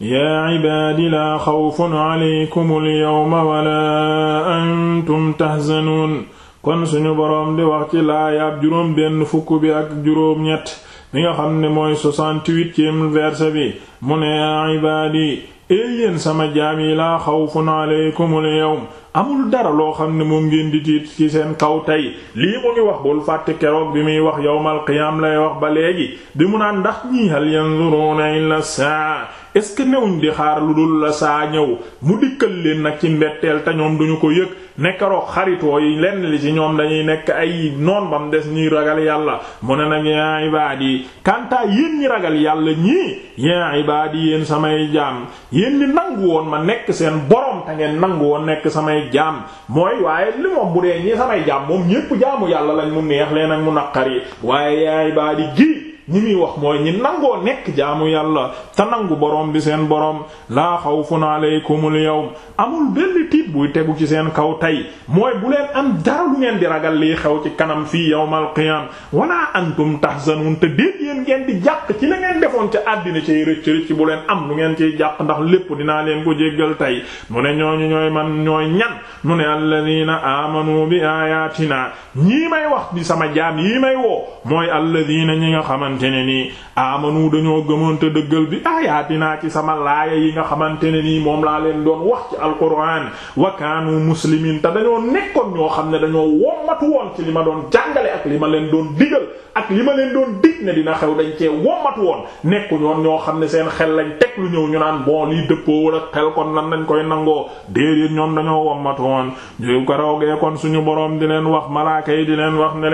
yaa cibaadi laa xawfun calaykum alyawma walaa antum taxzanuun kon suñu boroom di wax ci laayaab juróom benn fukk bi ak juróom-ñett bi nga xam ne mooy soixante-huitième verse bi mu ne yaa cibaadi eh sama jaam yi laa xawfun calaykum alyawm amul dara loo xam ne moom ngeen di tiit ci seen kaw tey lii mu ngi wax bul fàtte keroog bi muy wax yawmal qiyaam lay wax ba léegi di mu naan ndax ñii hal yanzuruna illa saa est-ce que newuñ di xaar lu dul la saa ñëw mu dikkal leen nag ci mbetteel te ñoom duñu ko yëg nekkaroog xaritoo yi lenn li ci ñoom dañuy nekk ay noon bam des ñii ragal yàlla mu ne nag yaa ibaadi kantaa yéen ñi ragal yàlla ñii yaa di yéen samay jaam yéen ñi nangu woon ma nekk seen borom ta ngeen nangu woon nekk samay samay jaam mooy waaye li moom bu dee ñi samay jaam moom ñépp jaamu yàlla lañ mu neex leen ak mu naqari waaye yaay baa di gi ñi muy wax mooy ñi nangoo nekk jaamu yàlla te nangu borom bi seen borom laa xawfun alaykumul yawm amul benn tiit buy tegu ci seen kaw tey mooy bu leen am dara lu ngeen di ragal lii xew ci kanam fii yawmal qiyaam wala antum tahzanun te déet yéen ngeen di jàq ci la ngeen defoon ca àddina cay rëcc rëcc bu leen am lu ngeen ciy jàq ndax lépp dinaa leen ko jéggal tey mu ne ñooñu ñooy man ñooy ñan mu ne alladina amanu bi ayatina ñii may wax xamante ne nii amanu dañoo gëmoon te dëggal bi aayaatinaa ah, ci sama laaya yi nga xamante ne nii moom laa leen doon wax ci alquran wa kaanu muslimiin te dañoo nekkoon ñoo xam ne dañoo wommatu woon ci li ma doon jàngale ak li ma leen doon digal ak li ma leen doon dig ne dina xew dañ cee wommatu woon nekku ñoon ñoo xam ne seen xel lañ teg lu ñëw ñu naan bool lii dëppoo wala xel kon lan lañ koy nangoo déedéet ñoom dañoo wommatu woon ñu ko roogee kon suñu boroom di leen wax malaaka di leen wax ne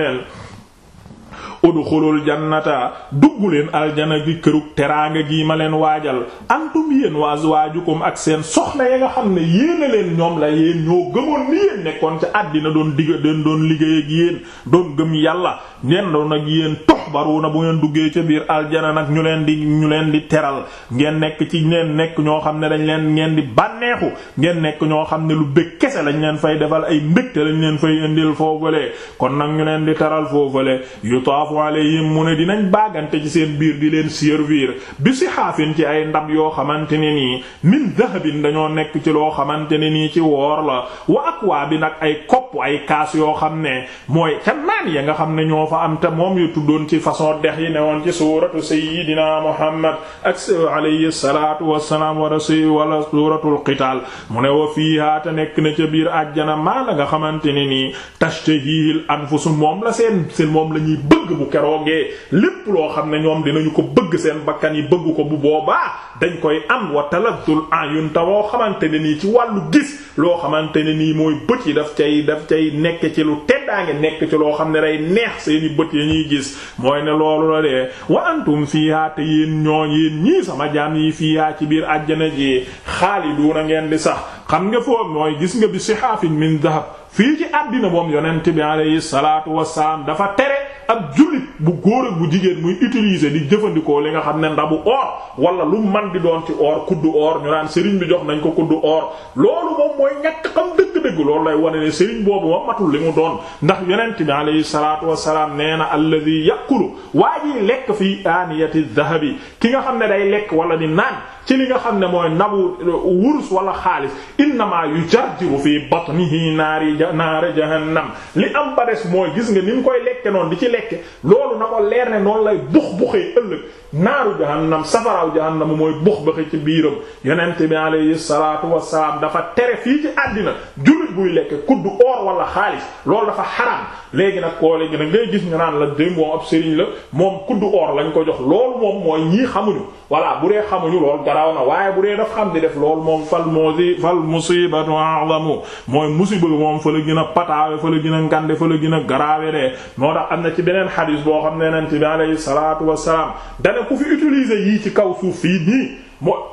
udxulul jannata dugg leen aljana gi kërug teraanga gii ma leen waajal antum yéen wa azwaajukum ak seen soxna ya nga xam ne yéena leen ñoom la yéen ñoo gëmoon ni yéen nekkoon ca àddina doon digg den doon liggéey ak yéen doon gëm yàlla ngeen doon ak yéen tuxbaruna bu ngeen duggee ca biir aljana nag ñu leen di ñu leen di teral ngeen nekk ci ngeen nekk ñoo xam ne dañ leen ngeen di bànneexu ngeen nekk ñoo xam ne lu bëgg kese lañ leen fay defal ay mbégte lañ leen fay indil foofale kon nag ñu leen di teral foofale allahu alayhim mu ne dinañ baagante ci seen biir di leen servir bi si xaafin ci ay ndab yoo xamante ne nii min dahabin dañoo nekk ci loo xamante ne nii ci woor la wa bi nag ay kopp ay kaas yoo xam ne mooy ca naan ya nga xam ne ñoo fa am te moom yu tuddoon ci façon dex yi newoon ci suuratu sayyidina muhammad ak alayhi salaatu wassalaam wa rasuul wala suuratul qitaal mu ne wa fiihaa te nekk na ca biir àjjana maa la nga xamante ne nii tashtahihil anfusu moom la seen seen moom la ñuy bëgg bu keroogee lépp loo xam ne ñoom dinañu ko bëgg seen bakkan yi bëgg ko bu boobaa dañ koy am wa taladdul ayun ta woo xamante ne nii ci wàllu gis loo xamante ne nii mooy bët yi daf cay daf cay nekk ci lu teddaange nekk ci loo xam ne rey neex seeni bët yi ñuy gis mooy ne loolu la dee wa antum fiihaa te yéen ñoo yéen ñii sama jaan yi fiihaa ci biir àjjana ji xaaliduuna ngeen di sax xam nga foofu mooy gis nga bi sihaafin min dahab fii ci àddina moom yonent ab jullit bu góor bu jigéen muy utiliser di jëfandikoo li nga xam ne ndabu or wala lu man di doon ci or kuddu or ñu naan sëriñ bi jox nañ ko kudd or loolu moom mooy ñàkk xam dëgg-dëgg loolu lay wane ne sëriñ boobu moom matul li mu doon ndax yonent bi alayhi salaatu wassalaam nee na alladhi yàkkulu waa ji lekk fii aaniyati dhahabi ki nga xam ne day lekk wala di naan ci li nga xam ne mooy nabu wurus wala xaalis yu innama yujarjiru fi batnihi naari naari jahannam li am ba des mooy gis nga ni mu koy lekke noonu di ci lekke loolu na ko leer ne noonu lay bux buxee ëllëg naaru jahannam safaraaw jahannam mooy bux buxee ci biiram yonent bi alayhi salaatu wassalaam dafa tere fii ci àddina jullit buy lekke kuddu or wala xaalis loolu dafa xaraam léegi nag koo léegi nag ngay gis ñu naan la dém moom ab sëriñ la moom kuddu or lañ ko jox loolu moom mooy ñii xamuñu bu xamuñu loolu garaaw na waaye bu dee daf xam di def lool moom fal musi fal musibatu a'zamu mooy musiba bi moom fa la gën a pataawe fa la gën a ngande fa la gën a garaawe de moo tax am na ci beneen xadiis boo xam ne yonent bi alayhi salaatu wassalaam dana ku fi ci kaw suuf fii nii moo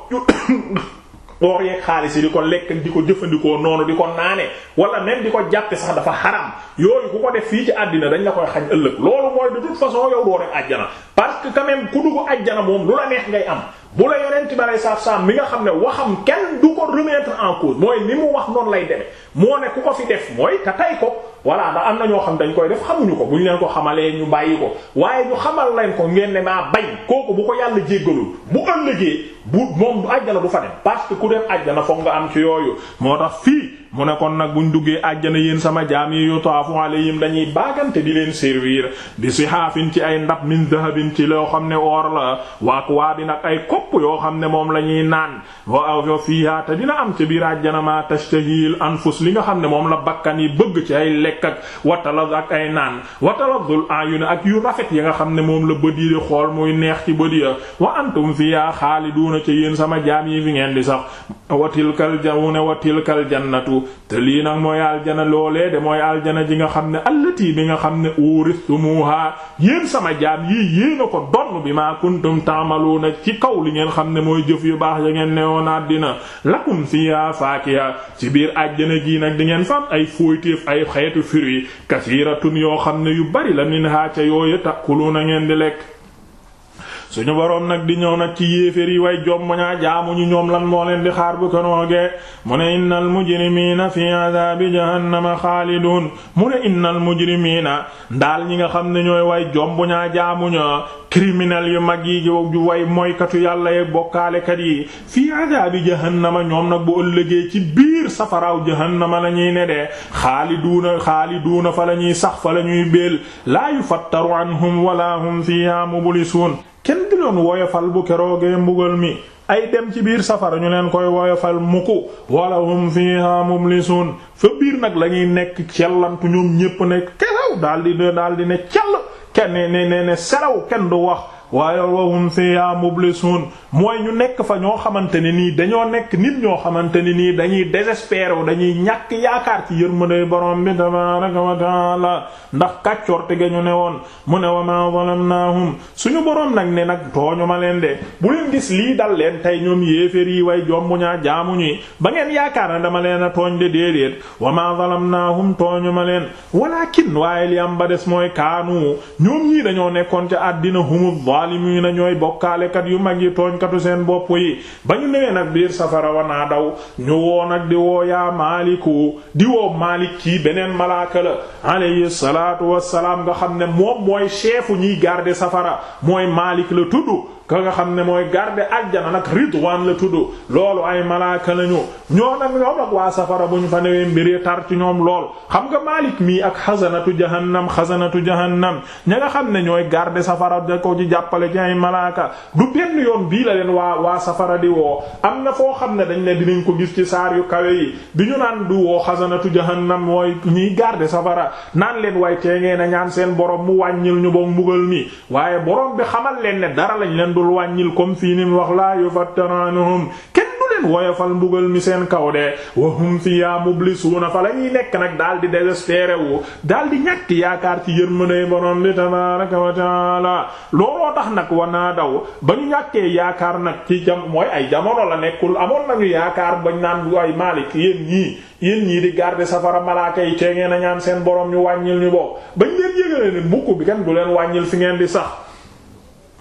or yeeg xaalis yi di ko lekk di ko jëfandikoo noonu di ko naane wala même di ko jàppe sax dafa xaram yooyu ku ko def fii ci àddina dañ la koy xañ ëllëg loolu mooy de toute façon yow doo dem àjjana parce que quand ku dugg àjjana moom lu la neex ngay am bu la yonent bi alayhi salaatu mi nga xam ne waxam kenn du ko remettre en cause mooy ni mu wax noonu lay demee moo ne ku ko fi def mooy te tey ko voilà da am na ñoo xam dañ koy def xamuñu ko bu ñu leen ko xamalee ñu bàyyi ko waaye ñu xamal leen ko ngeen ne maa bañ kooku bu ko yàlla jéggalul bu ëllëgee bu moom du àjjana du fa dem parce que ku dem àjjana foog nga am ci yooyu moo tax fii mu ne kon nag buñ duggee àjjana yéen sama jaam yi yu taafu alayhim dañuy baagante di leen servir bi sihaafin ci ay ndab min dahabin ci loo xam ne or la waak waa bi nag ay kopp yoo xam ne moom la ñuy naan wa fiiha te dina am ci biir àjjana ma tashtahil anfus li nga xam ne moom la bakkan yi bëgg ci ay lekk ak watalad ak ay naan wataladul ayun ak yu rafet yi nga xam ne moom la bët yi di xool muy neex ci bët ya wa antum fiiha xaaliduuna ci yéen sama jaam yi fi ngeen di sax wa tilkal jawne wa tilkal jannatu anhu te lii nag mooy aljana loolee de mooy aljana ji nga xam ne allati bi nga xam ne uuristumuha yéen sama jaam yii yéen ko donn bi maa kuntum taamaluuna ci kaw li ngeen xam ne mooy jëf yu baax ya ngeen newoon àddina lakum fiha faakiha ci biir àjjana gii nag di ngeen fam ay fóoytéef ay xeetu furi kasiiratun yoo xam ne yu bari la minha ca yooyu na ngeen di lekk suñu boroom nag di ñëw nag ci yéefér yi way jom ñaa jaamuñu ñoom lan moo leen di xaar bu ko noogee mu ne innal mujrimiina fi adaabi jahannama xaalidun mu ne innal mujrimiina ndaal ñi nga xam ne ñooy way jom ñaa jaamuñu criminel yu mag yi yu way moykatu yàlla ye bokkaalekat yi fii adaabi jahannama ñoom nag bu ëllëgee ci biir safaraaw jahannama la ñuy ne dee xaaliduuna xaaliduuna fa la ñuy sax fa la ñuy béel laa yufattaru anhum wala hum fiha mublisuun kenn di doon woyofal bu keroogee mbugal mi ay dem ci biir safara ñu leen koy woyofal muku wala hum fiha mublisuun fa biir nag lañuy nekk cellantu ñoom ñépp nekk kesaw daal di ne cell kenn ne ne ne selaw kenn du wax waaye wahum fiha mublisuun mooy ñu nekk fa ñoo xamante ne nii dañoo nekk nit ñoo xamante ne nii dañuy désespéré wu dañuy ñàkk yaakaar ci yërmande borom bi tabaaraka wa la ndax kàccorte ga ñu ne woon mu ne wa ma zalamnaahum suñu borom nag ne nag tooñu ma leen de bu leen gis lii dal leen tey ñoom yéeféer yi way jombu ñaa jaamu ñi ba ngeen yaakaar na dama leen a tooñ de déedéet wa naa zalamnaahum tooñu ma leen walakin waaye li am ba des mooy dañoo nekkoon ca àddina humu zaalimiina ñooy bokkaalekat yu mag yi tooñkatu seen bopp yi ba ñu newee nag biir safara wa naa daw ñu woo nag di woo yaa maaliku di woo maalik kii beneen malaaka la alayhi salaatu wassalaam nga xam ne moom mooy chefu ñuy garder safara mooy maalik la tudd ka nga xam ne mooy garde aljana nag ridwaan la tudd loolu ay malaaka lañu ñoo nag ñoom ak waa safara bu ñu fa newee mbiri tar ci ñoom lool xam nga Maalik mii ak xasanatu jahannam xasanatu jahannam ña nga xam ne ñooy garde safara da ko jàppale ci malaaka du benn yoon bii la leen waa waa safara di woo am na foo xam ne dañ ne dinañ ko gis ci saar yu kawe yi bi ñu naan du woo xasanatu jahannam mooy ñiy garde safara naan leen way tee ngeen a seen borom mu wàññil ñu boog mbugal mi waaye borom bi xamal leen ne dara lañ leen dul wàññil comme fii nim wax laa yufattar anhum woyofal mbugal mi seen kaw de wahum fiya mublisuuna fa la nag daal di désespéré wu daal di ñàkk yaakaar ci yërmandey borom bi tabaraka wa taala looloo tax nag wanaa daw ba ñu ñàkkee yaakaar nag ci jam mooy ay jamono la nekkul amoon nañu yaakaar bañ naan ay Maalik yéen ñii yéen ñii di garder safara malaaka yi tee ngeen a ñaan seen borom mi wàññil ñu bopp bañ leen yëgalee mukk bi kenn du leen wàññil fi ngeen di sax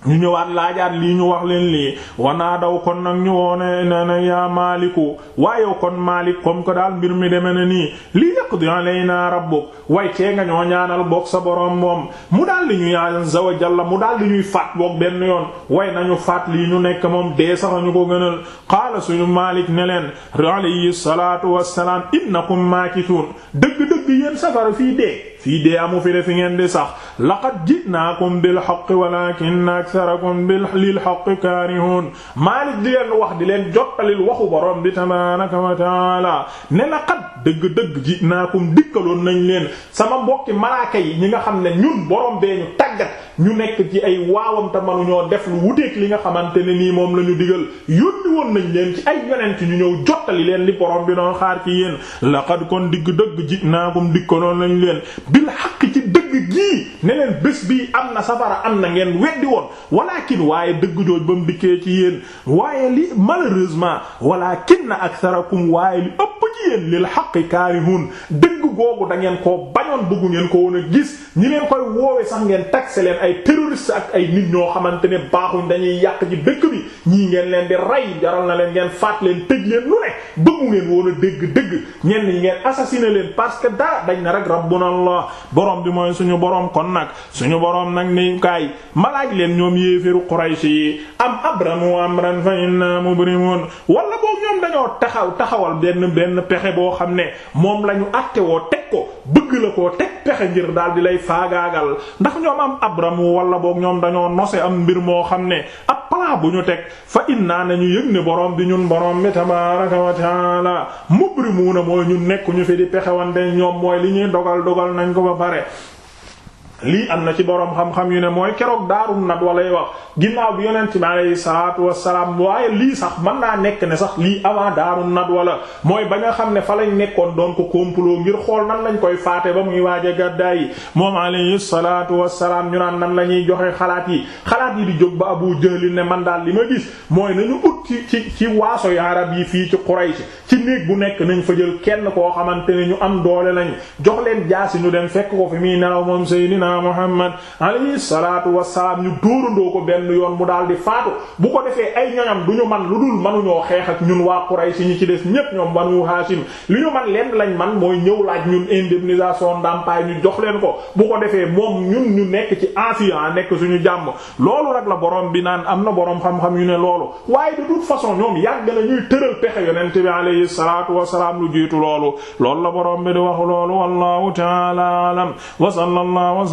ñu ñëwaat laajaat lii ñu wax leen lii wanaa daw kon nag ñu woone na na yaa maaliku waaye kon maalik kom ko daal mbir mi deme na nii lii yaqdi alayna rabbuk way cee nga ñoo ñaanal boog sa moom mu daal li ñu yaa zawa jalla mu daal li ñuy faat boog benn yoon way nañu faat lii ñu nekk moom dee sax ñu ko gënal qaala suñu maalik ne leen alayhi salaatu wassalaam innakum maakituun dëgg fi yéen safara fii dee fii dee amu fi de fi ngeen di sax laqad ji'naakum bil haqqi walaakinna aktharakum bil lil haqqi kaarihuun Maalik di leen wax di leen jottalil waxu borom bi tabaaraka wa ta'aala ne laqad dëgg-dëgg ji'naakum dikkaloon nañ leen sama mbokki malaaka yi ñi nga xam ne ñun borom bee ñu tàggat ñu nekk ci ay waawam te ñoo def lu wuteek li nga xamante ne nii moom la ñu digal yónni woon nañ leen ci ay yonent ñu ñëw jottali leen li borom bi noon xaar ci yéen laqad kon digg dëgg ji naakum dikkanoon lañ leen bil haqq ci dëgg gii ne bés bi am na safara am na ngeen weddi woon walakin waaye dëgg jooj ba mu dikkee ci yéen waaye li malheureusement walakin aktharakum waaye li ëpp ci yéen lil haqq kaarihuun dëgg googu da ngeen koo bañoon bëggu ngeen ko woon a gis ñi leen koy woowe sax ngeen taxé leen ay terroriste ak ay nit ñoo xamante ne baaxuñ dañuy yàq ci dëkk bi ñii ngeen leen di rey jaral na leen ngeen faat leen tëj leen lu ne bëggu ngeen woon a dégg dëgg ñenn ñi ngeen assassiné leen parce que daa dañ na rek rabbuna allah borom bi mooy suñu borom kon nag suñu borom nag ni kaay malaaj leen ñoom yéeféru Quraysh yi am abramu amran fa inna mubrimun wala boobu taxaw taxawal benn benn pexe boo xam ne moom lañu àtte woon teg ko bëgg la koo teg pexe ngir daal di lay faagaagal ndax ñoom am abramu walla boog ñoom dañoo nose am mbir moo xam ne ab palaa bu ñu teg fa ne ñu yëg ne borom bi ñun borom bi tabaaraka wa taala mubrimuuna mooy ñun nekk ñu fi di pexe wante ñoom mooy li ñuy dogal dogal nañ ko ba pare lii am na ci boroom xam-xam yu ne mooy keroog daarum nag wala wax ginnaaw bi yonent bi alayhi salaatu salaam waaye lii sax mën naa nekk ne sax lii avant daarum nag wala mooy ba nga xam ne fa lañ nekkoon doon ko ngir xool nan lañ koy faate ba muy waaje gàddaay yi moom alayhi salaatu wassalaam ñu naan nan la ñuy joxe xalaat yi xalaat yi di jóg ba Abu Jahl ne man daal li ma gis mooy nañu ut ci ci waaso yu arab yi fii ci Quraysh ci néeg bu nekk nañ fa jël kenn koo xamante ne ñu am doole lañ jox leen jaasi ñu dem fekk ko fi muy nelaw moom Seydina Seydina Muhammad alayhi salaatu wassalaam ñu dóorandoo ko benn yoon mu daal di faatu bu ko defee ay ñoñam du ñu man lu dul manuñoo xeex ak ñun waa Quraysh ñi ci des ñépp ñoom Banu Haashim li ñu man lenn lañ man mooy ñëw laaj ñun indemnisation ndàmpaay ñu jox leen ko bu ko defee moom ñun ñu nekk ci afiya nekk suñu jàmm loolu nag la borom bi naan am na borom xam-xam yu ne loolu waaye de toute façon ñoom yàgg na ñuy tëral pexe yonent bi alayhi salaatu wassalaam lu jiitu loolu loolu la borom bi di wax loolu wallahu ta'ala alam wa sallallahu